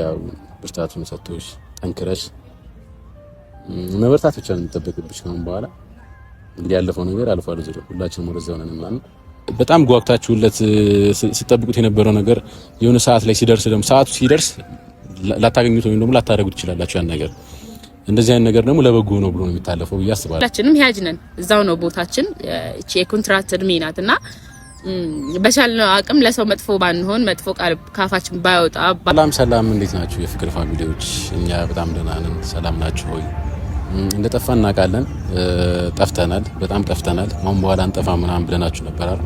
ያው ብርታቱን ሰጥቶሽ ጠንክረሽ መበርታት ብቻ ነው የሚጠበቅብሽ። ከአሁን በኋላ እንግዲህ ያለፈው ነገር አልፏል። ዝሮ ሁላችንም ወደዛው ነን ምናምን በጣም ጓግታችሁለት ስጠብቁት የነበረው ነገር የሆነ ሰዓት ላይ ሲደርስ ደግሞ ሰዓቱ ሲደርስ ላታገኙት ወይም ደግሞ ላታደርጉት ትችላላችሁ። ያን ነገር እንደዚህ አይነት ነገር ደግሞ ለበጎ ነው ብሎ ነው የሚታለፈው ብዬ አስባለሁ። ሁላችንም ያጅ ነን፣ እዛው ነው ቦታችን። እቺ የኮንትራት እድሜ ናት እና በቻልነው አቅም ለሰው መጥፎ ባንሆን መጥፎ ቃል ካፋችን ባይወጣ። ሰላም ሰላም፣ እንዴት ናችሁ የፍቅር ፋሚሊዎች? እኛ በጣም ደህና ነን። ሰላም ናችሁ ሆይ? እንደ ጠፋ እናውቃለን። ጠፍተናል፣ በጣም ጠፍተናል። አሁን በኋላ እንጠፋ ምናምን ብለናችሁ ነበራል፣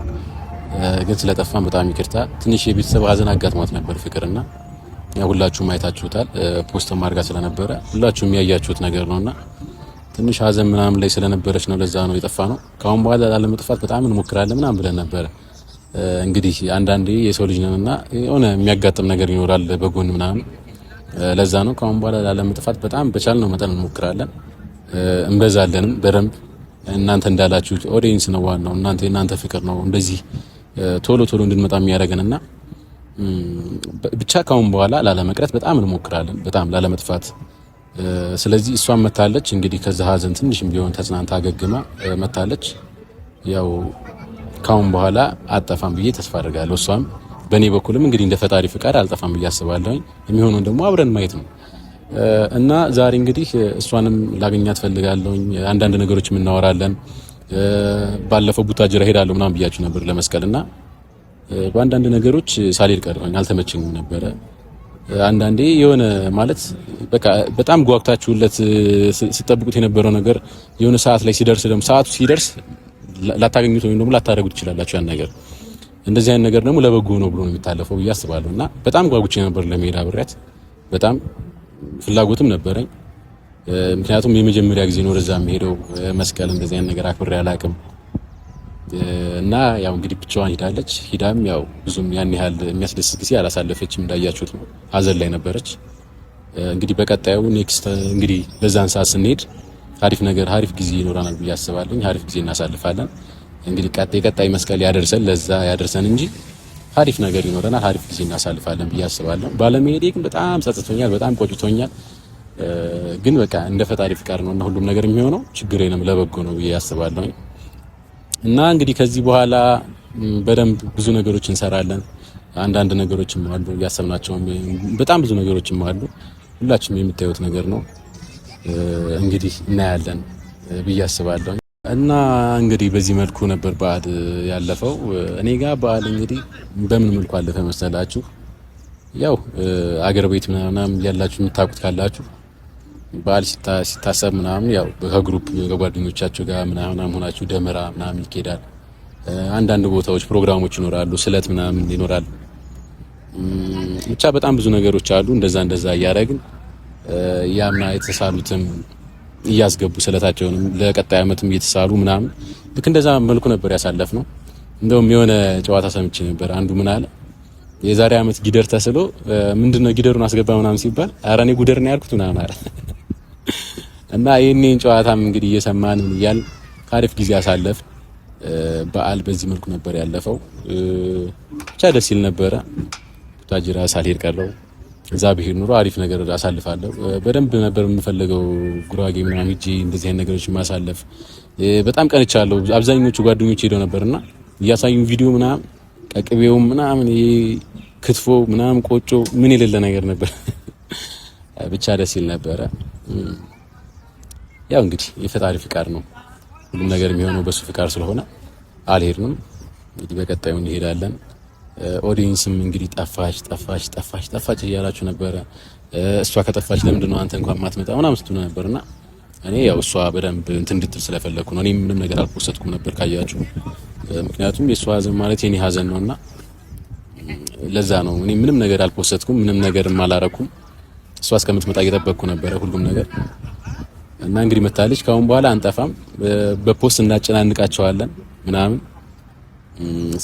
ግን ስለጠፋን በጣም ይቅርታ። ትንሽ የቤተሰብ ሀዘን አጋጥሟት ነበር ፍቅርና ሁላችሁም አይታችሁታል። ፖስት ማድረግ ስለነበረ ሁላችሁም ያያችሁት ነገር ነውና ትንሽ ሀዘን ምናምን ላይ ስለነበረች ነው፣ ለዛ ነው የጠፋ ነው። ከአሁን በኋላ ላለመጥፋት በጣም እንሞክራለን ምናምን ብለን ነበረ እንግዲህ አንዳንዴ የሰው ልጅ ነንና የሆነ የሚያጋጥም ነገር ይኖራል በጎን ምናምን። ለዛ ነው ከአሁን በኋላ ላለመጥፋት በጣም በቻልነው መጠን እንሞክራለን፣ እንበዛለንም በደንብ እናንተ እንዳላችሁት ኦዲየንስ ነው ዋናው፣ እናንተ የእናንተ ፍቅር ነው እንደዚህ ቶሎ ቶሎ እንድንመጣ እና ብቻ ከአሁን በኋላ ላለመቅረት በጣም እንሞክራለን፣ በጣም ላለመጥፋት። ስለዚህ እሷን መታለች እንግዲህ ከዛ ሀዘን ትንሽ ቢሆን ተጽናንታ አገግማ መታለች ያው ካሁን በኋላ አጠፋም ብዬ ተስፋ አድርጋለሁ። እሷም በእኔ በኩልም እንግዲህ እንደ ፈጣሪ ፍቃድ አልጠፋም ብዬ አስባለሁኝ። የሚሆነውን ደግሞ አብረን ማየት ነው እና ዛሬ እንግዲህ እሷንም ላገኛት ፈልጋለሁኝ። አንዳንድ ነገሮች የምናወራለን። ባለፈው ቡታጅራ ሄዳለሁ ምናም ብያችሁ ነበር ለመስቀል እና በአንዳንድ ነገሮች ሳልሄድ ቀርበኝ አልተመቸኝም ነበረ። አንዳንዴ የሆነ ማለት በቃ በጣም ጓጉታችሁለት ስጠብቁት የነበረው ነገር የሆነ ሰዓት ላይ ሲደርስ ደግሞ ሰዓቱ ሲደርስ ላታገኙት ወይም ደግሞ ላታደረጉት ትችላላችሁ። ያን ነገር እንደዚህ አይነት ነገር ደግሞ ለበጎ ነው ብሎ ነው የሚታለፈው ብዬ አስባለሁ እና በጣም ጓጉቼ ነበር ለመሄድ አብሬያት፣ በጣም ፍላጎትም ነበረኝ። ምክንያቱም የመጀመሪያ ጊዜ ነው ወደዛ የምሄደው። መስቀል እንደዚህ አይነት ነገር አክብሬ አላውቅም እና ያው እንግዲህ ብቻዋን ሂዳለች። ሂዳም ያው ብዙም ያን ያህል የሚያስደስት ጊዜ አላሳለፈችም። እንዳያችሁት ነው ሀዘን ላይ ነበረች። እንግዲህ በቀጣዩ ኔክስት እንግዲህ በዛን ሰዓት ስንሄድ አሪፍ ነገር አሪፍ ጊዜ ይኖረናል ብዬ አስባለሁ። አሪፍ ጊዜ እናሳልፋለን። እንግዲህ ቀጣይ ቀጣይ መስቀል ያደርሰን ለዛ ያደርሰን እንጂ አሪፍ ነገር ይኖረናል። አሪፍ ጊዜ እናሳልፋለን ብዬ አስባለሁ። ባለመሄዴ ግን በጣም ጸጽቶኛል፣ በጣም ቆጭቶኛል። ግን በቃ እንደ ፈጣሪ ፍቃድ ነው እና ሁሉም ነገር የሚሆነው ችግሬንም ለበጎ ነው ብዬ አስባለሁ። እና እንግዲህ ከዚህ በኋላ በደንብ ብዙ ነገሮች እንሰራለን። አንዳንድ ነገሮችም አሉ እያሰብናቸው፣ በጣም ብዙ ነገሮችም አሉ። ሁላችሁም የምታዩት ነገር ነው። እንግዲህ እናያለን ብዬ አስባለሁ። እና እንግዲህ በዚህ መልኩ ነበር በዓል ያለፈው። እኔ ጋር በዓል እንግዲህ በምን መልኩ አለፈ መሰላችሁ? ያው አገር ቤት ምናምን ያላችሁ የምታውቁት ካላችሁ በዓል ሲታሰብ ምናምን ያው ከግሩፕ ከጓደኞቻችሁ ጋር ምናምን ሆናችሁ ደመራ ምናምን ይኬዳል። አንዳንድ ቦታዎች ፕሮግራሞች ይኖራሉ፣ ስለት ምናምን ይኖራል። ብቻ በጣም ብዙ ነገሮች አሉ። እንደዛ እንደዛ እያደረግን ያምና የተሳሉትም እያስገቡ ስለታቸውንም ለቀጣይ ዓመትም እየተሳሉ ምናምን ልክ እንደዛ መልኩ ነበር ያሳለፍ ነው። እንደውም የሆነ ጨዋታ ሰምቼ ነበር። አንዱ ምን አለ የዛሬ ዓመት ጊደር ተስሎ ምንድነው ጊደሩን አስገባ ምናምን ሲባል ኧረ እኔ ጉደር ነው ያልኩት ምናምን አለ እና ይህኔን ጨዋታም እንግዲህ እየሰማን እያል ከአሪፍ ጊዜ አሳለፍ። በዓል በዚህ መልኩ ነበር ያለፈው። ብቻ ደስ ይል ነበረ። ቡታጅራ ሳልሄድ ቀረው። እዛ ብሄድ ኑሮ አሪፍ ነገር አሳልፋለሁ። በደንብ ነበር የምፈልገው ጉራጌ ምናምን ሂጄ እንደዚህ አይነት ነገሮች ማሳለፍ በጣም ቀንቻለሁ። አብዛኞቹ ጓደኞች ሄደው ነበርና እያሳዩን ቪዲዮ ምናምን ቀቅቤው ምናምን ክትፎ ምናምን ቆጮ ምን የሌለ ነገር ነበር። ብቻ ደስ ይል ነበረ። ያው እንግዲህ የፈጣሪ ፍቃድ ነው ሁሉም ነገር የሚሆነው በሱ ፍቃድ ስለሆነ አልሄድንም። እንግዲህ በቀጣዩ እንሄዳለን። ኦዲየንስም እንግዲህ ጠፋች ጠፋች ጠፋች ጠፋች እያላችሁ ነበረ። እሷ ከጠፋች ለምንድን ነው አንተ እንኳን ማትመጣ ምናምን ስትሉ ነበርና እኔ ያው እሷ በደንብ እንትን እንድትል ስለፈለግኩ ነው። እኔ ምንም ነገር አልፖሰትኩም ነበር ካያችሁ፣ ምክንያቱም የእሷ ሀዘን ማለት የኔ ሀዘን ነው እና ለዛ ነው እኔ ምንም ነገር አልፖሰትኩም፣ ምንም ነገር አላረኩም። እሷ እስከምትመጣ እየጠበቅኩ ነበረ ሁሉም ነገር እና እንግዲህ መታለች። ከአሁን በኋላ አንጠፋም፣ በፖስት እናጨናንቃቸዋለን ምናምን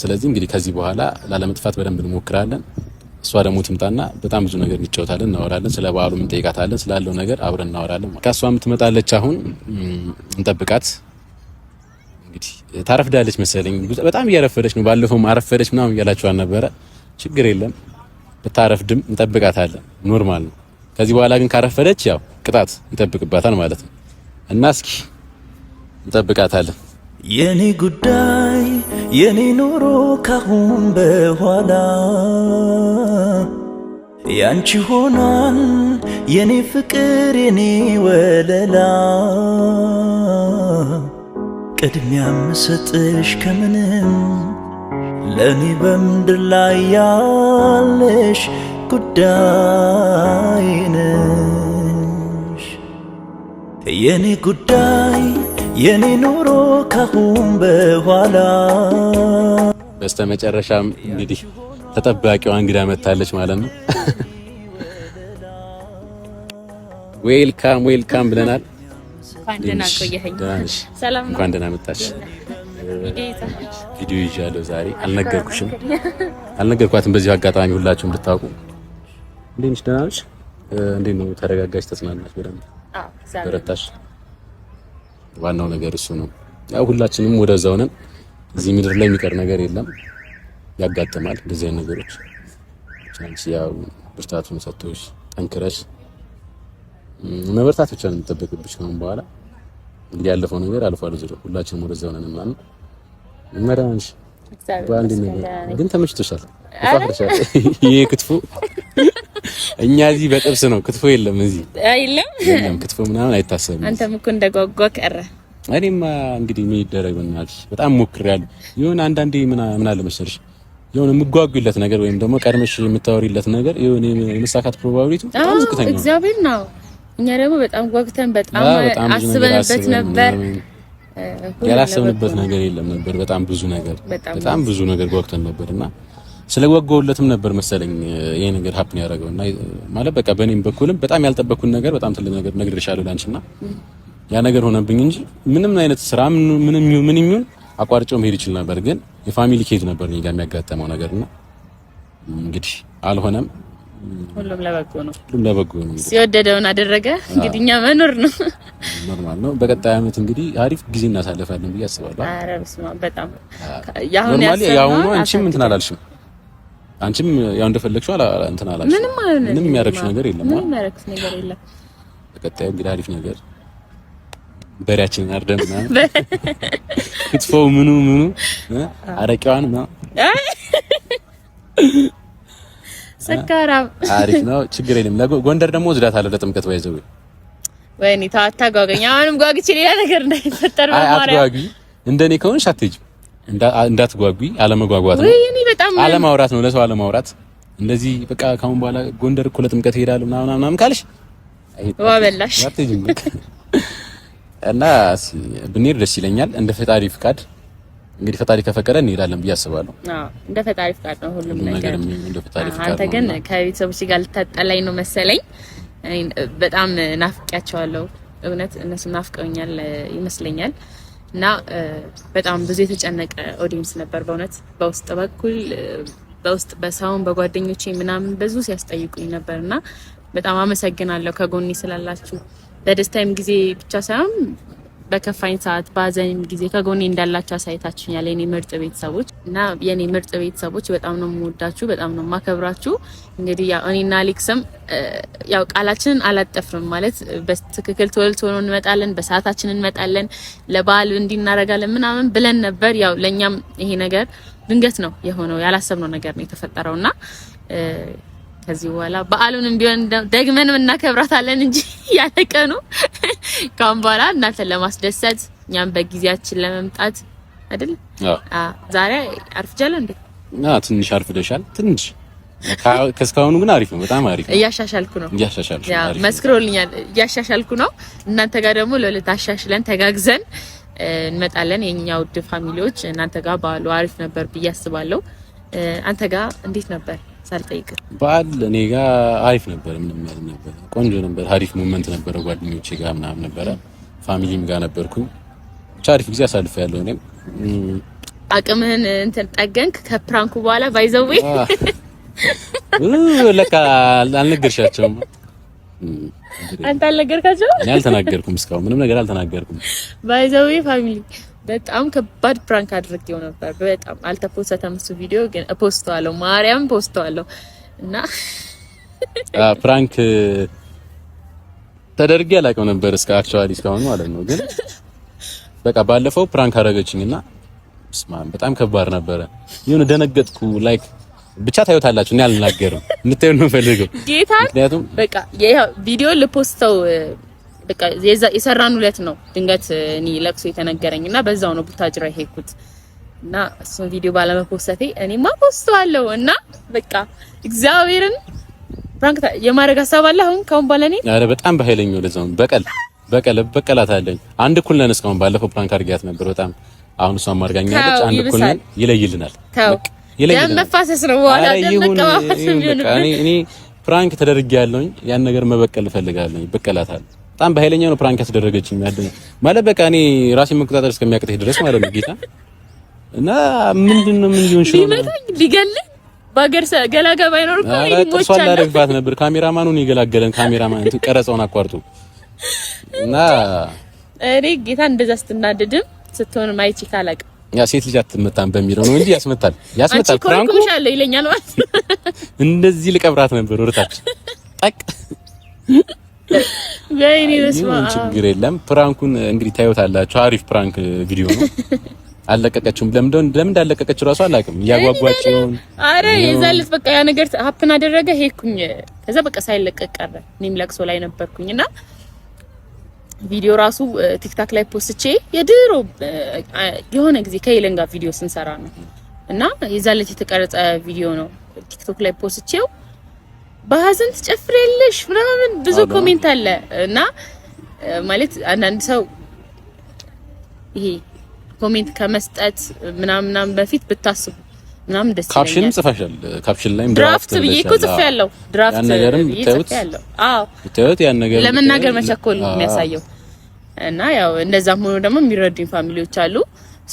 ስለዚህ እንግዲህ ከዚህ በኋላ ላለመጥፋት በደንብ እንሞክራለን። እሷ ደግሞ ትምጣና በጣም ብዙ ነገር እንጫወታለን፣ እናወራለን። ስለ በዓሉ እንጠይቃታለን፣ ስላለው ነገር አብረን እናወራለን። ከእሷም ትመጣለች። አሁን እንጠብቃት። እንግዲህ ታረፍዳለች መሰለኝ፣ በጣም እያረፈደች ነው። ባለፈውም አረፈደች ምናምን እያላችሁ አልነበረ? ችግር የለም ብታረፍድም እንጠብቃታለን። ኖርማል ነው። ከዚህ በኋላ ግን ካረፈደች ያው ቅጣት ይጠብቅባታል ማለት ነው እና እስኪ እንጠብቃታለን የኔ ጉዳይ የኔ ኖሮ ካሁን በኋላ ያንቺ ሆኗን የኔ ፍቅር የኔ ወለላ ቅድሚያ ምሰጥሽ ከምንም ለእኔ በምድር ላይ ያለሽ ጉዳይ ነሽ የኔ ጉዳይ የኔ ኑሮ ካሁን በኋላ። በስተ መጨረሻም እንግዲህ ተጠባቂዋ እንግዳ መታለች ማለት ነው። ዌልካም ዌልካም ብለናል። እንኳን ደህና መጣች። ቪዲዮ ይዣለሁ ዛሬ። አልነገርኩሽም፣ አልነገርኳትም። በዚሁ አጋጣሚ ሁላችሁ እንድታውቁ። እንዴት ነሽ? ደህና ነሽ? እንዴት ነው? ተረጋጋሽ? ተጽናናሽ? በደንብ በረታሽ? ዋናው ነገር እሱ ነው። ያው ሁላችንም ወደዛው ነን። እዚህ ምድር ላይ የሚቀር ነገር የለም፣ ያጋጥማል እንደዚህ አይነት ነገሮች። ቻንስ ያው ብርታቱን ሰጥቶሽ ጠንክረሽ መበርታት ብቻ ነው የሚጠበቅብሽ። ከአሁን በኋላ እንግዲህ ያለፈው ነገር አልፏል። ዝሮ ሁላችንም ወደዛው ነን። ማለት ነው። በአንድ ነገር ግን ተመችቶሻል? ይሄ ክትፎ እኛ እዚህ በጥብስ ነው። ክትፎ የለም እዚህ የለም። ክትፎ ምናምን አይታሰብም። አንተም እኮ እንደጓጓ ቀረ። እኔማ እንግዲህ ምን ይደረግ ብናልሽ በጣም ሞክሬያለሁ። የሆነ አንዳንዴ ምን አለ መሰለሽ የሆነ የምጓጉለት ነገር ወይም ደግሞ ቀድመሽ የምታወሪለት ነገር የሆነ የመሳካት ፕሮባቢሊቲ በጣም ዝቅተኛ ነው። እግዚአብሔር ነው። እኛ ደግሞ በጣም ጓግተን በጣም አስበንበት ነበር። ያላሰብንበት ነገር የለም ነበር። በጣም ብዙ ነገር በጣም ብዙ ነገር ጓጉተን ነበር እና ስለጓጓውለትም ነበር መሰለኝ ይሄ ነገር ሀፕን ያደረገው እና ማለት በቃ በእኔም በኩልም በጣም ያልጠበኩን ነገር በጣም ትልቅ ነገር ነግሬሻለሁ ላንቺ እና ያ ነገር ሆነብኝ እንጂ ምንም አይነት ስራ ምንም ምን ይሁን አቋርጬው መሄድ ይችል ነበር፣ ግን የፋሚሊ ኬዝ ነበር እኔ ጋር የሚያጋጠመው ነገር እና እንግዲህ አልሆነም። ሁሉም ለበጎ ነው። ሁሉም ለበጎ ነው። ሲወደደውን አደረገ። እንግዲህ እኛ መኖር ነው ኖርማል ነው። በቀጣይ አመት እንግዲህ አሪፍ ጊዜ እናሳልፋለን ብዬ አስባለሁ። ኧረ በስመ አብ በጣም ያሁን ያሁን አንቺም እንትን አላልሽም። አንቺም ያው እንደፈለግሽው እንትን አላልሽም። ምንም አይሆን ምንም የሚያረግሽ ነገር የለም። ምንም የሚያረግሽ ነገር የለም። በቀጣዩ እንግዲህ አሪፍ ነገር በሬያችንን አርደን ምናምን ክትፎው ምኑ ምኑ አረቂዋን ምናምን ስጋራም አሪፍ ነው፣ ችግር የለም። ጎንደር ደግሞ ዝዳት አለ ለጥምቀት ባይዘው ወይኔ ታታ ጓገኛ አሁንም ጓግቼ ሌላ ነገር እንዳይፈጠር ነው። ማለት በማርያም እንደኔ ከሆንሽ አትሄጂም። እንዳትጓጉ አለመጓጓት ነው፣ አለማውራት ነው፣ ለሰው አለማውራት። እንደዚህ በቃ ካሁን በኋላ ጎንደር እኮ ለጥምቀት እሄዳለሁ ምናምን ምናምን ካልሽ ዋበላሽ እና ብንሄድ ደስ ይለኛል እንደ ፈጣሪ ፍቃድ እንግዲህ ፈጣሪ ከፈቀደ እንሄዳለን ብዬ አስባለሁ። እንደ ፈጣሪ ፍቃድ ነው ሁሉም ነገር። አንተ ግን ከቤተሰቦች ጋር ልታጠላኝ ነው መሰለኝ። በጣም ናፍቄያቸዋለሁ። እውነት እነሱ ናፍቀውኛል ይመስለኛል። እና በጣም ብዙ የተጨነቀ ኦዲየንስ ነበር በእውነት በውስጥ በኩል በውስጥ በሰውን በጓደኞቼ ምናምን ብዙ ሲያስጠይቁኝ ነበር እና በጣም አመሰግናለሁ ከጎኔ ስላላችሁ በደስታዬም ጊዜ ብቻ ሳይሆን በከፋኝ ሰዓት በአዘንም ጊዜ ከጎኔ እንዳላችሁ አሳይታችሁኛል የኔ ምርጥ ቤተሰቦች እና የኔ ምርጥ ቤተሰቦች በጣም ነው የምወዳችሁ፣ በጣም ነው የማከብራችሁ። እንግዲህ ያው እኔና አሌክስም ያው ቃላችንን አላጠፍንም ማለት በትክክል ቶሎ ሆኖ እንመጣለን፣ በሰዓታችን እንመጣለን፣ ለበዓል እንዲናረጋለን ምናምን ብለን ነበር። ያው ለእኛም ይሄ ነገር ድንገት ነው የሆነው፣ ያላሰብነው ነገር ነው የተፈጠረው እና ከዚህ በኋላ በዓሉንም ቢሆን ደግመንም እናከብራታለን እንጂ ያለቀኑ ካሁን በኋላ እናንተን ለማስደሰት እኛም በጊዜያችን ለመምጣት አይደል? ዛሬ አርፍጃለሁ እንዴ? አዎ፣ ትንሽ አርፍደሻል። ትንሽ ከእስካሁኑ ግን አሪፍ ነው። በጣም አሪፍ ነው። እያሻሻልኩ ነው። እያሻሻልኩ ነው። መስክሮልኛል። እያሻሻልኩ ነው። እናንተ ጋር ደግሞ ለሁለት አሻሽለን ተጋግዘን እንመጣለን። የኛ ውድ ፋሚሊዎች እናንተ ጋር ባሉ አሪፍ ነበር ብዬ አስባለሁ። አንተ ጋር እንዴት ነበር? ሳልጠይቅህ በዓል እኔ ጋር አሪፍ ነበር። ምንም ያል ነበር፣ ቆንጆ ነበር፣ አሪፍ ሞመንት ነበረ። ጓደኞቼ ጋር ምናምን ነበረ፣ ፋሚሊም ጋር ነበርኩኝ። ብቻ አሪፍ ጊዜ አሳልፈ ያለው እኔም አቅምህን እንትን ጠገንክ። ከፕራንኩ በኋላ ባይዘዌ ለካ አልነገርሻቸውም። አንተ አልነገርካቸውም? እኔ አልተናገርኩም፣ እስካሁን ምንም ነገር አልተናገርኩም። ባይዘዌ ፋሚሊ በጣም ከባድ ፕራንክ አድርጌው ነበር። በጣም አልተፖሰተም እሱ ቪዲዮ ግን ፖስተዋለሁ፣ ማርያም ፖስተዋለሁ። እና ፕራንክ ተደርጌ አላውቅም ነበር እስከ አክቹአሊ እስካሁን ማለት ነው። ግን በቃ ባለፈው ፕራንክ አደረገችኝና ስማም፣ በጣም ከባድ ነበረ። የሆነ ደነገጥኩ። ላይክ ብቻ ታዩታላችሁ። እኔ አልናገርም፣ እንታዩ ነው ፈልገው ጌታ። ምክንያቱም በቃ ቪዲዮ ልፖስተው በቃ የሰራን ሁለት ነው። ድንገት እኔ ለቅሶ የተነገረኝ እና በዛው ነው ቡታጅራ የሄድኩት እና እሱን ቪዲዮ ባለመኮሰቴ እኔማ ፖስተዋለሁ እና በቃ እግዚአብሔርን ፍራንክ የማድረግ ሀሳብ አለ። አሁን ካሁን በኋላ እኔ ኧረ በጣም በኃይለኛው ለዛው በቀል በቀል በቀላታለኝ። አንድ እኩል ነን እስካሁን። ባለፈው ፕራንክ አድርጊያት ነበር በጣም አሁን እሷ አማርጋኛለች። አንድ እኩል ነን። ይለይልናል። ተው ደም መፋሰስ ነው በኋላ እኔ ፕራንክ ተደርጌያለሁኝ። ያን ነገር መበቀል እፈልጋለሁ። በቀላታለሁ በጣም በኃይለኛ ነው ፕራንክ ያስደረገችኝ ማለት በቃ እኔ ራሴን መቆጣጠር እስከሚያቅተኝ ድረስ ማለት ነው ጌታ እና ምንድን ነው ምን ሊሆን ይችላል? ሊመታኝ ሊገልህ ባገር ገላጋ ባይኖር እኮ ይሞቻል። ጥርሷ ላደግባት ነበር። ካሜራማኑ ነው የገላገለን። ካሜራማን እንትን ቀረጻውን አቋርጡ እና እኔ ጌታ እንደዛ ስትናደድም ስትሆን ማይቺ ካላቅ ያ ሴት ልጅ አትመታም በሚለው ነው እንጂ ያስመታል፣ ያስመታል። ፍራንኩ ይለኛል ማለት እንደዚህ ልቀብራት ነበር ወርታች ጠቅ በእኔ ችግር የለም። ፕራንኩን እንግዲህ ታዩታላችሁ። አሪፍ ፕራንክ ቪዲዮ ነው። አለቀቀችውም። ለምን ለምን እንዳለቀቀች እራሱ አላውቅም። እያጓጓችው አረ የዛን ዕለት በቃ ያ ነገር ሀፕን አደረገ ሄድኩኝ። ከዛ በቃ ሳይለቀቅ ቀረ። እኔም ለቅሶ ላይ ነበርኩኝ እና ቪዲዮ ራሱ ቲክታክ ላይ ፖስትቼ የድሮ የሆነ ጊዜ ከኤለን ጋር ቪዲዮ ስንሰራ ነው እና የዛን ዕለት የተቀረጸ ቪዲዮ ነው ቲክቶክ ላይ ፖስትቼው በሀዘን ትጨፍሪያለሽ ምናምን ብዙ ኮሜንት አለ እና ማለት አንዳንድ ሰው ይሄ ኮሜንት ከመስጠት ምናምናም በፊት ብታስቡ ምናምን ደስ ይላል። ካፕሽንም ጽፈሻል። ካፕሽን ላይም ድራፍት ብዬ እኮ ያለው ድራፍት ነገርም ጽፌያለሁ። አዎ ብታዩት ያን ነገር ለመናገር መቸኮል የሚያሳየው እና ያው እንደዛም ሆኖ ደግሞ የሚረዱኝ ፋሚሊዎች አሉ።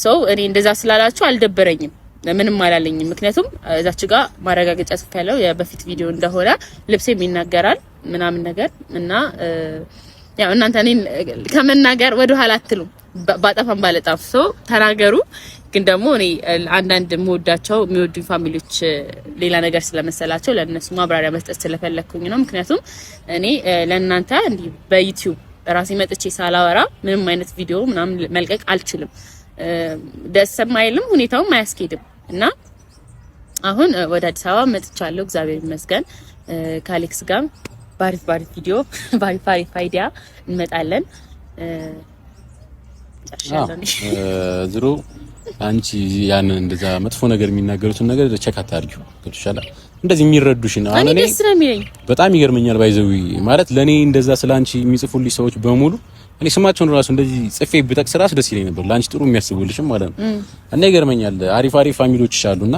ሰው እኔ እንደዛ ስላላችሁ አልደበረኝም ምንም አላለኝም። ምክንያቱም እዛች ጋ ማረጋገጫ ጽፍ ያለው የበፊት ቪዲዮ እንደሆነ ልብሴም ይናገራል ምናምን ነገር እና ያው እናንተ እኔን ከመናገር ወደ ኋላ አትሉም። ባጠፋን ባለጣፍ ሰው ተናገሩ። ግን ደግሞ እኔ አንዳንድ የምወዳቸው የሚወዱኝ ፋሚሊዎች ሌላ ነገር ስለመሰላቸው ለእነሱ ማብራሪያ መስጠት ስለፈለግኩኝ ነው። ምክንያቱም እኔ ለእናንተ እንዲህ በዩቲዩብ ራሴ መጥቼ ሳላወራ ምንም አይነት ቪዲዮ ምናምን መልቀቅ አልችልም። ደስ የማይልም ሁኔታውም አያስኬድም። እና አሁን ወደ አዲስ አበባ መጥቻለሁ። እግዚአብሔር ይመስገን። ከአሌክስ ጋር ባሪፍ ባሪፍ ቪዲዮ ባሪፍ ባሪፍ አይዲያ እንመጣለን። ዝሮ አንቺ ያን እንደዛ መጥፎ ነገር የሚናገሩትን ነገር ቸክ አታድርጊው። ገብቶሻል? እንደዚህ የሚረዱሽ ነው። አሁን እኔ በጣም ይገርመኛል። ባይዘዊ ማለት ለኔ እንደዛ ስለ አንቺ የሚጽፉልሽ ሰዎች በሙሉ እኔ ስማቸውን ራሱ እንደዚህ ጽፌ ብጠቅስ ራሱ ደስ ይለኝ ነበር፣ ለአንቺ ጥሩ የሚያስቡልሽም ማለት ነው። እና ይገርመኛል፣ አሪፍ አሪፍ ፋሚሊዎች አሉና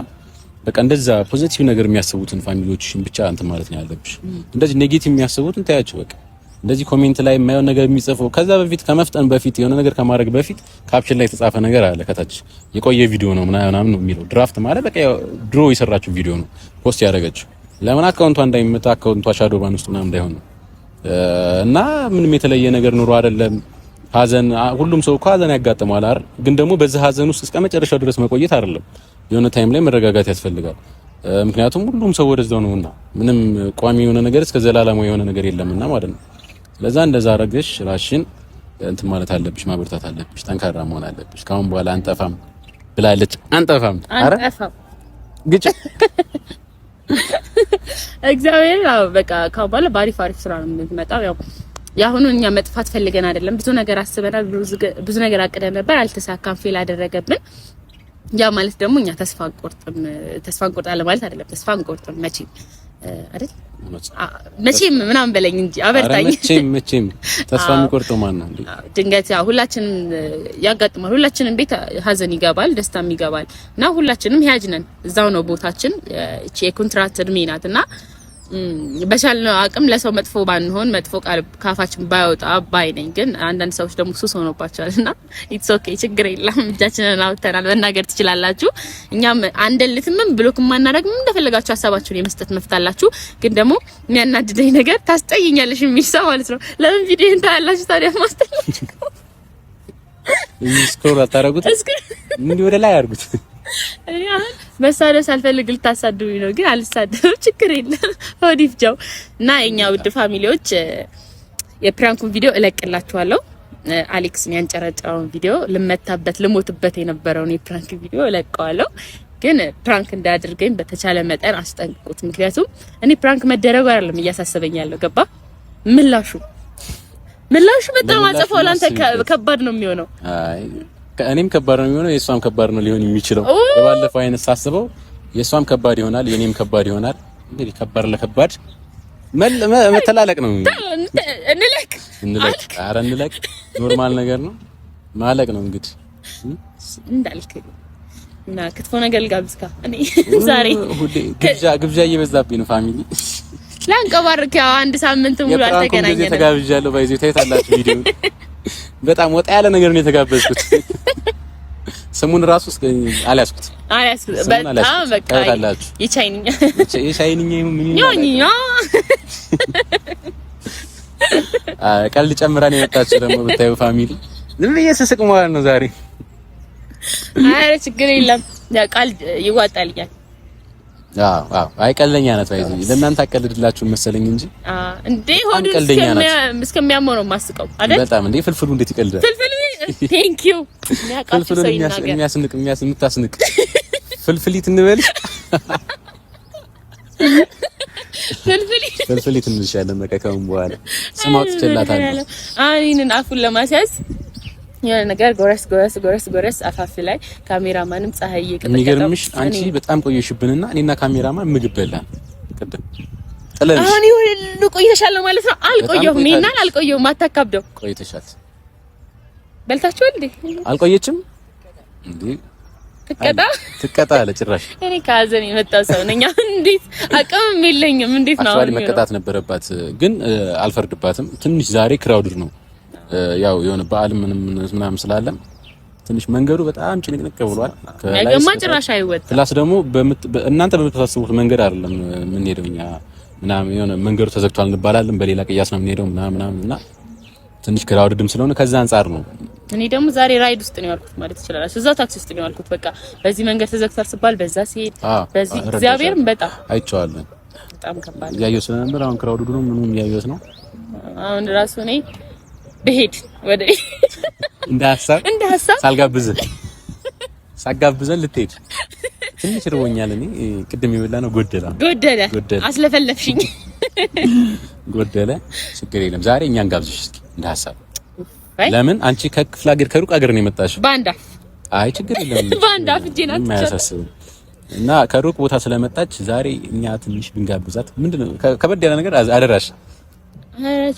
በቃ እንደዛ ፖዚቲቭ ነገር የሚያስቡትን ፋሚሊዎችሽን ብቻ እንትን ማለት ነው ያለብሽ። እንደዚህ ኔጌቲቭ የሚያስቡትን ታያቸው በቃ እንደዚህ ኮሜንት ላይ የማየው ነገር የሚጽፈው ከዛ በፊት ከመፍጠን በፊት የሆነ ነገር ከማድረግ በፊት ካፕሽን ላይ የተጻፈ ነገር አለ። ከታች የቆየ ቪዲዮ ነው ምናምን ነው የሚለው። ድራፍት ማለት በቃ ድሮ የሰራችው ቪዲዮ ነው ፖስት ያደረገችው። ለምን አካውንቷ እንዳይመጣ አካውንቷ ሻዶ ባን ውስጥ ምናምን እንዳይሆን ነው እና ምንም የተለየ ነገር ኑሮ አይደለም። ሀዘን ሁሉም ሰው እኮ ሀዘን ያጋጥመዋል አይደል? ግን ደግሞ በዚህ ሀዘን ውስጥ እስከ መጨረሻው ድረስ መቆየት አይደለም፣ የሆነ ታይም ላይ መረጋጋት ያስፈልጋል። ምክንያቱም ሁሉም ሰው ወደዛው ነውና ምንም ቋሚ የሆነ ነገር እስከ ዘላለማዊ የሆነ ነገር የለምና ማለት ነው። ስለዛ እንደዛ አረግሽ ራሽን እንትን ማለት አለብሽ፣ ማበርታት አለብሽ፣ ጠንካራ መሆን አለብሽ። ካሁን በኋላ አንጠፋም ብላለች። አንጠፋም፣ አንጠፋም ግጭ እግዚአብሔር ያው በቃ ካሁን በኋላ በአሪፍ አሪፍ ስራ ነው የምትመጣው። ያው የአሁኑ እኛ መጥፋት ፈልገን አይደለም። ብዙ ነገር አስበናል፣ ብዙ ነገር አቅደን ነበር፣ አልተሳካም፣ ፌል አደረገብን። ያ ማለት ደግሞ እኛ ተስፋ አንቆርጥም። ተስፋ እንቆርጣለን ማለት አይደለም። ተስፋ አንቆርጥም መቼም አይደል መቼም ምናምን በለኝ እንጂ አበርታኝ። መቼም መቼም ተስፋ የሚቆርጠው ማን ነው? ድንገት ሁላችንም ያጋጥማል። ሁላችንም ቤት ሀዘን ይገባል፣ ደስታም ይገባል እና ሁላችንም ያጅነን እዛው ነው ቦታችን። እቺ የኮንትራት እድሜ ናት እና በቻልነው አቅም ለሰው መጥፎ ባንሆን መጥፎ ቃል ካፋችን ባይወጣ ባይ ነኝ። ግን አንዳንድ ሰዎች ደግሞ ሱስ ሆኖባቸዋል እና ኢትስ ኦኬ ችግር የለም እጃችንን አውጥተናል፣ መናገር ትችላላችሁ። እኛም አንደልትምም፣ ብሎክ ማናደርግም። እንደፈለጋችሁ ሀሳባችሁን የመስጠት መብት አላችሁ። ግን ደግሞ የሚያናድደኝ ነገር ታስጠይኛለሽ የሚል ሰው ማለት ነው። ለምን ቪዲዮ እንታያላችሁ ታዲያ ማስጠኛ ስክሮል አታረጉት? እስኪ ወደ ላይ አርጉት መሳደብ ሳልፈልግ ልታሳድቡኝ ነው፣ ግን አልሳደብም። ችግር የለም ሆድ ጃው እና የኛ ውድ ፋሚሊዎች የፕራንኩን ቪዲዮ እለቅላችኋለሁ። አሌክስን ያንጨረጨረውን ቪዲዮ ልመታበት ልሞትበት የነበረውን የፕራንክ ቪዲዮ እለቀዋለሁ። ግን ፕራንክ እንዳያደርገኝ በተቻለ መጠን አስጠንቅቁት። ምክንያቱም እኔ ፕራንክ መደረጉ አይደለም እያሳሰበኝ ያለው ገባ። ምላሹ ምላሹ በጣም አጽፈው ላንተ ከባድ ነው የሚሆነው። እኔም ከባድ ነው የሚሆነው፣ የእሷም ከባድ ነው ሊሆን የሚችለው። በባለፈው አይነት ሳስበው የእሷም ከባድ ይሆናል፣ የኔም ከባድ ይሆናል። እንግዲህ ከባድ ለከባድ መተላለቅ ነው። እንለቅ እንለቅ፣ ኧረ እንለቅ። ኖርማል ነገር ነው፣ ማለቅ ነው እንግዲህ እንዳልክ እና ክትፎ ነገር ልጋብዝካ እኔ ዛሬ ግብዣ ግብዣ እየበዛብኝ ነው። ፋሚሊ ላንቀባርክ ያው አንድ ሳምንት ሙሉ አልተገናኘንም። ተጋብዣለሁ ባይዘ ታይታላችሁ ቪዲዮ በጣም ወጣ ያለ ነገር ነው የተጋበዝኩት። ስሙን ራሱ አልያዝኩት አልያዝኩት። በጣም በቃ ምን የቻይንኛ ይሁን ቀልድ ጨምራን የመጣችው ደግሞ ብታዩ ፋሚሊ ዝም ብዬ ስስቅ መዋል ነው ዛሬ። አረ ችግር የለም ያ ቀልድ ይዋጣልኛል። አይቀለኛ ናት ባይዚ ለእናንተ አቀልድላችሁ መሰለኝ እንጂ እንዴ ሆዱ እስከሚያመው ነው የማስቀው አይደል? በጣም እንዴ ፍልፍሉ እንዴት ይቀልዳል? ፍልፍሉ ቴንክ ዩ ፍልፍሉ የሚያስንቅ የምታስንቅ ፍልፍሊት እንበል ፍልፍሊት እንልሻለን። በቃ ከምን በኋላ ስም አውጥቼላታለሁ። አይ ይሄንን አፉን ለማስያዝ የሆነ ነገር ጎረስ ጎረስ ጎረስ ጎረስ አፋፍ ላይ ካሜራማንም ፀሐይ እየቀጠቀጠው የሚገርምሽ አንቺ በጣም ቆየሽብንና እኔና ካሜራማን ምግብ በላን ቅድም ጥለንሽ አሁን ይሁሉ ቆይተሻል ነው ማለት ነው አልቆየሁም ይሄናል አልቆየሁም አታካብደው ቆይተሻል በልታችሁ እንዴ አልቆየችም እንዴ ትቀጣ ትቀጣ አለ ጭራሽ እኔ ከሀዘን የመጣ ሰው ነኝ እንዴት አቅምም የለኝም እንዴት ነው መቀጣት ነበረባት ግን አልፈርድባትም ትንሽ ዛሬ ክራውድድ ነው ያው የሆነ በዓል ምንም ምናምን ስላለን ትንሽ መንገዱ በጣም ጭንቅንቅ ብሏል። ነገማ ጭራሽ አይወጣ ፕላስ ደግሞ እናንተ በምታስቡት መንገድ አይደለም የምንሄደው እኛ ምናምን የሆነ መንገዱ ተዘግቷል እንባላለን። በሌላ ቅያስ ነው የምንሄደው ምናምን ምናምን እና ትንሽ ክራውድድም ስለሆነ ከዛ አንጻር ነው። እኔ ደግሞ ዛሬ ራይድ ውስጥ ነው ያልኩት ማለት ይችላል። እዛ ታክሲ ውስጥ ነው ያልኩት። በቃ በዚህ መንገድ ተዘግቷል ስባል በዛ ሲሄድ በዚህ እግዚአብሔርም በጣም አይቼዋለሁ። በጣም ከባድ ያየሁት ስለነበር አሁን ክራውድዱንም ምኑም ያየሁት ነው አሁን ራሱ እኔ ብሄድ ወደ እንደ ሀሳብ እንደ ሀሳብ ሳልጋብዝህ ሳጋብዘ ልትሄድ ትንሽ ርቦኛል። እኔ ቅድም የበላ ነው ጎደላ ጎደለ አስለፈለፍሽኝ ጎደለ። ችግር የለም ዛሬ እኛን ጋብዝሽ እስኪ እንደ ሀሳብ። ለምን አንቺ ከክፍለ ሀገር ከሩቅ ሀገር ነው የመጣሽው። ባንዳ አይ ችግር የለም ባንዳ አፍ እጄና እና ከሩቅ ቦታ ስለመጣች ዛሬ እኛ ትንሽ ብንጋብዛት ምንድነው ነው ከበድ ያለ ነገር አደራሽ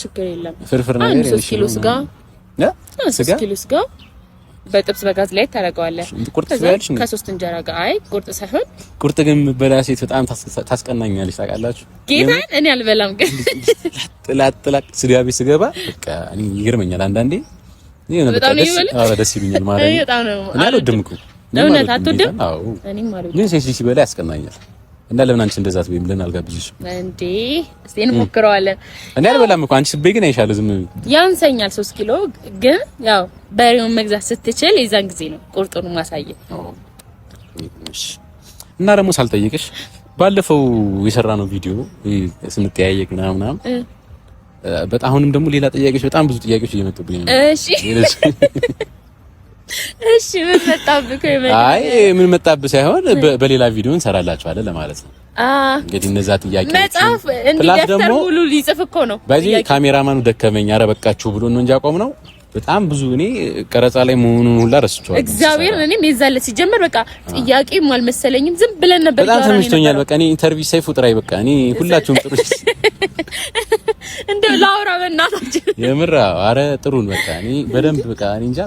ችግር የለም። ፍርፍር ነገር ሶስት ኪሎ ስጋ ሶስት ኪሎ ስጋ በጥብስ በጋዝ ላይ ታደርገዋለህ። ከሶስት እንጀራ ጋር አይ ቁርጥ ሳይሆን ቁርጥ ግን በላ ሴት በጣም ታስቀናኛለች። ታውቃላችሁ ጌታን እኔ አልበላም፣ ግን ስጋ ቤት ስገባ በቃ እኔ ይገርመኛል። አንዳንዴ ደስ ማለት ነው። አልወድም እኮ እውነት አትወድም? እኔም አልወድም፣ ግን ሴት ሲበላ ያስቀናኛል። እና ለምን አንቺ እንደዛ አትበይም? ለምን አልጋብዝሽ እንዴ? እስቲ እንሞክረዋለን። እኔ አልበላም እኮ አንቺ ስትበይ ግን አይሻለ ዝም ያንሰኛል። ሶስት ኪሎ ግን ያው በሬውን መግዛት ስትችል የዛን ጊዜ ነው ቁርጡን ማሳየ። እና ደግሞ ሳልጠይቅሽ ባለፈው የሰራ ነው ቪዲዮ ስንጠያየቅ ምናምን ምናምን በጣም አሁንም ደግሞ ሌላ ጥያቄዎች፣ በጣም ብዙ ጥያቄዎች እየመጡብኝ ነው። እሺ እሺ ምን መጣብህ? አይ ምን መጣብህ ሳይሆን በሌላ ቪዲዮ እንሰራላችኋለን ለማለት ነው። እንግዲህ እነዛ ጥያቄ መጽሐፍ እንዲደፍተር ሙሉ ሊጽፍ እኮ ነው። በዚህ ካሜራማኑ ደከመኝ ኧረ በቃችሁ ብሎ ነው እንጂ አቆም ነው። በጣም ብዙ እኔ ቀረጻ ላይ መሆኑን ሁላ ረስቼዋለሁ። እግዚአብሔር እኔ የዛን ዕለት ሲጀመር በቃ ጥያቄም አልመሰለኝም ዝም ብለን ነበር። በጣም ተመችቶኛል። በቃ እኔ ኢንተርቪው ሰይፉ ጥራይ በቃ እኔ ሁላችሁም ጥሩ እንደው ላውራ በእናታችን የምራ ኧረ ጥሩን በቃ እኔ በደንብ በቃ እኔ እንጃ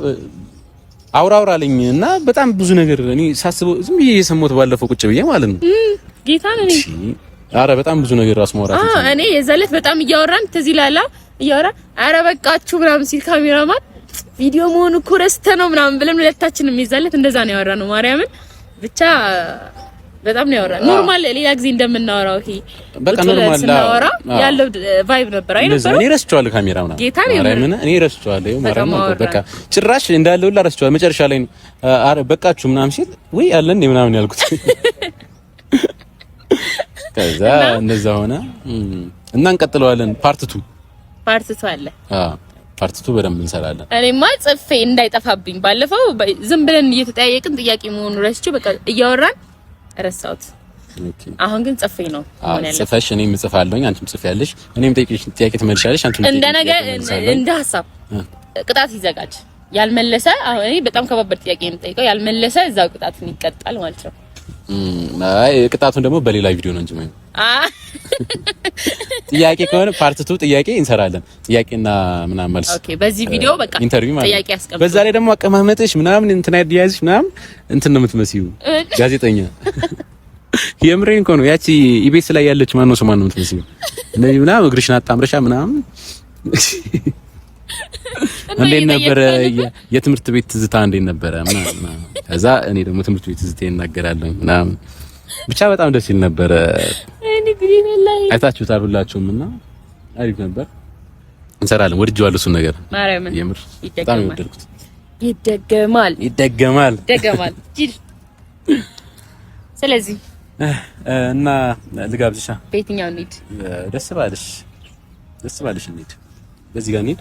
አውራ አውራ አለኝ እና በጣም ብዙ ነገር እኔ ሳስበው ዝም ብዬ የሰሞት ባለፈው ቁጭ ብዬ ማለት ነው። ጌታ ነው። አረ በጣም ብዙ ነገር ራስ ማውራት አ እኔ የዛን ዕለት በጣም እያወራን ትዝ ላላ እያወራ አረ በቃችሁ ምናምን ሲል ካሜራማን ቪዲዮ መሆኑ እኮ ረስተ ነው ምናምን ብለን ሁለታችንም የዛን ዕለት እንደዛ ነው ያወራነው ማርያምን ብቻ በጣም ነው ያወራ። ኖርማል ሌላ ጊዜ እንደምናወራው ይሄ በቃ ኖርማል ስናወራ ያለው ቫይብ ነበር አይነበረው። እኔ ረስቼዋለሁ ካሜራ ምናምን ጌታ ነው ማለት ምን እኔ ማለት ነው። በቃ ጭራሽ እንዳለው ሁላ ረስቼዋለሁ። መጨረሻ ላይ አረ በቃችሁ ምናምን ሲል ወይ ያለን ነው ምናምን ያልኩት ከዛ እንደዛ ሆነ እና እንቀጥለዋለን። ፓርት 2 ፓርት 2 አለ። አዎ ፓርት 2 በደንብ እንሰራለን። እኔማ ጽፌ እንዳይጠፋብኝ ባለፈው ዝም ብለን እየተጠያየቅን ጥያቄ መሆኑ ረስቼው በቃ እያወራን ረሳሁት። አሁን ግን ጽፌ ነው ጽፈሽ፣ እኔም እጽፋለሁ፣ አንቺም ጽፌያለሽ። እኔም ጥያቄ ትመልሻለሽ፣ አንቺም እንደ ነገ እንደ ሀሳብ ቅጣት ይዘጋጅ። ያልመለሰ አሁን እኔ በጣም ከባበር ጥያቄ የምጠይቀው ያልመለሰ እዛው ቅጣትን ይቀጣል ማለት ነው። አይ ቅጣቱን ደግሞ በሌላ ቪዲዮ ነው እንጂ ማለት ነው ጥያቄ ከሆነ ፓርት ቱ ጥያቄ እንሰራለን። ጥያቄና ምናምን መልስ። ኦኬ፣ በዚህ ቪዲዮ በቃ ኢንተርቪው ማለት ጥያቄ አስቀምጥ። በዛ ላይ ደግሞ አቀማመጥሽ ምናምን እንትን አይዲያዝሽ ምናምን እንትን ነው የምትመስዩ ጋዜጠኛ። የምሬን እኮ ነው። ያቺ ኢቤስ ላይ ያለች ማን ነው ስሟን ነው የምትመስዩ። እንደዚህ ምናምን እግርሽን አጣምረሻ ምናምን። እንዴት ነበረ የትምህርት ቤት ትዝታ እንዴት ነበረ ምናምን። ከዛ እኔ ደግሞ ትምህርት ቤት ትዝታ እናገራለሁ ምናምን። ብቻ በጣም ደስ ይል ነበረ። አይታችሁታል ሁላችሁም እና አሪፍ ነበር። እንሰራለን። ወድጄዋለሁ እሱን ነገር ማርያምን፣ የምር በጣም የወደድኩት። ይደገማል፣ ይደገማል፣ ይደገማል። ስለዚህ እና ልጋብዝሻ። በየትኛው እንሂድ? ደስ ባለሽ፣ ደስ ባለሽ እንሂድ። በዚህ ጋር እንሂድ።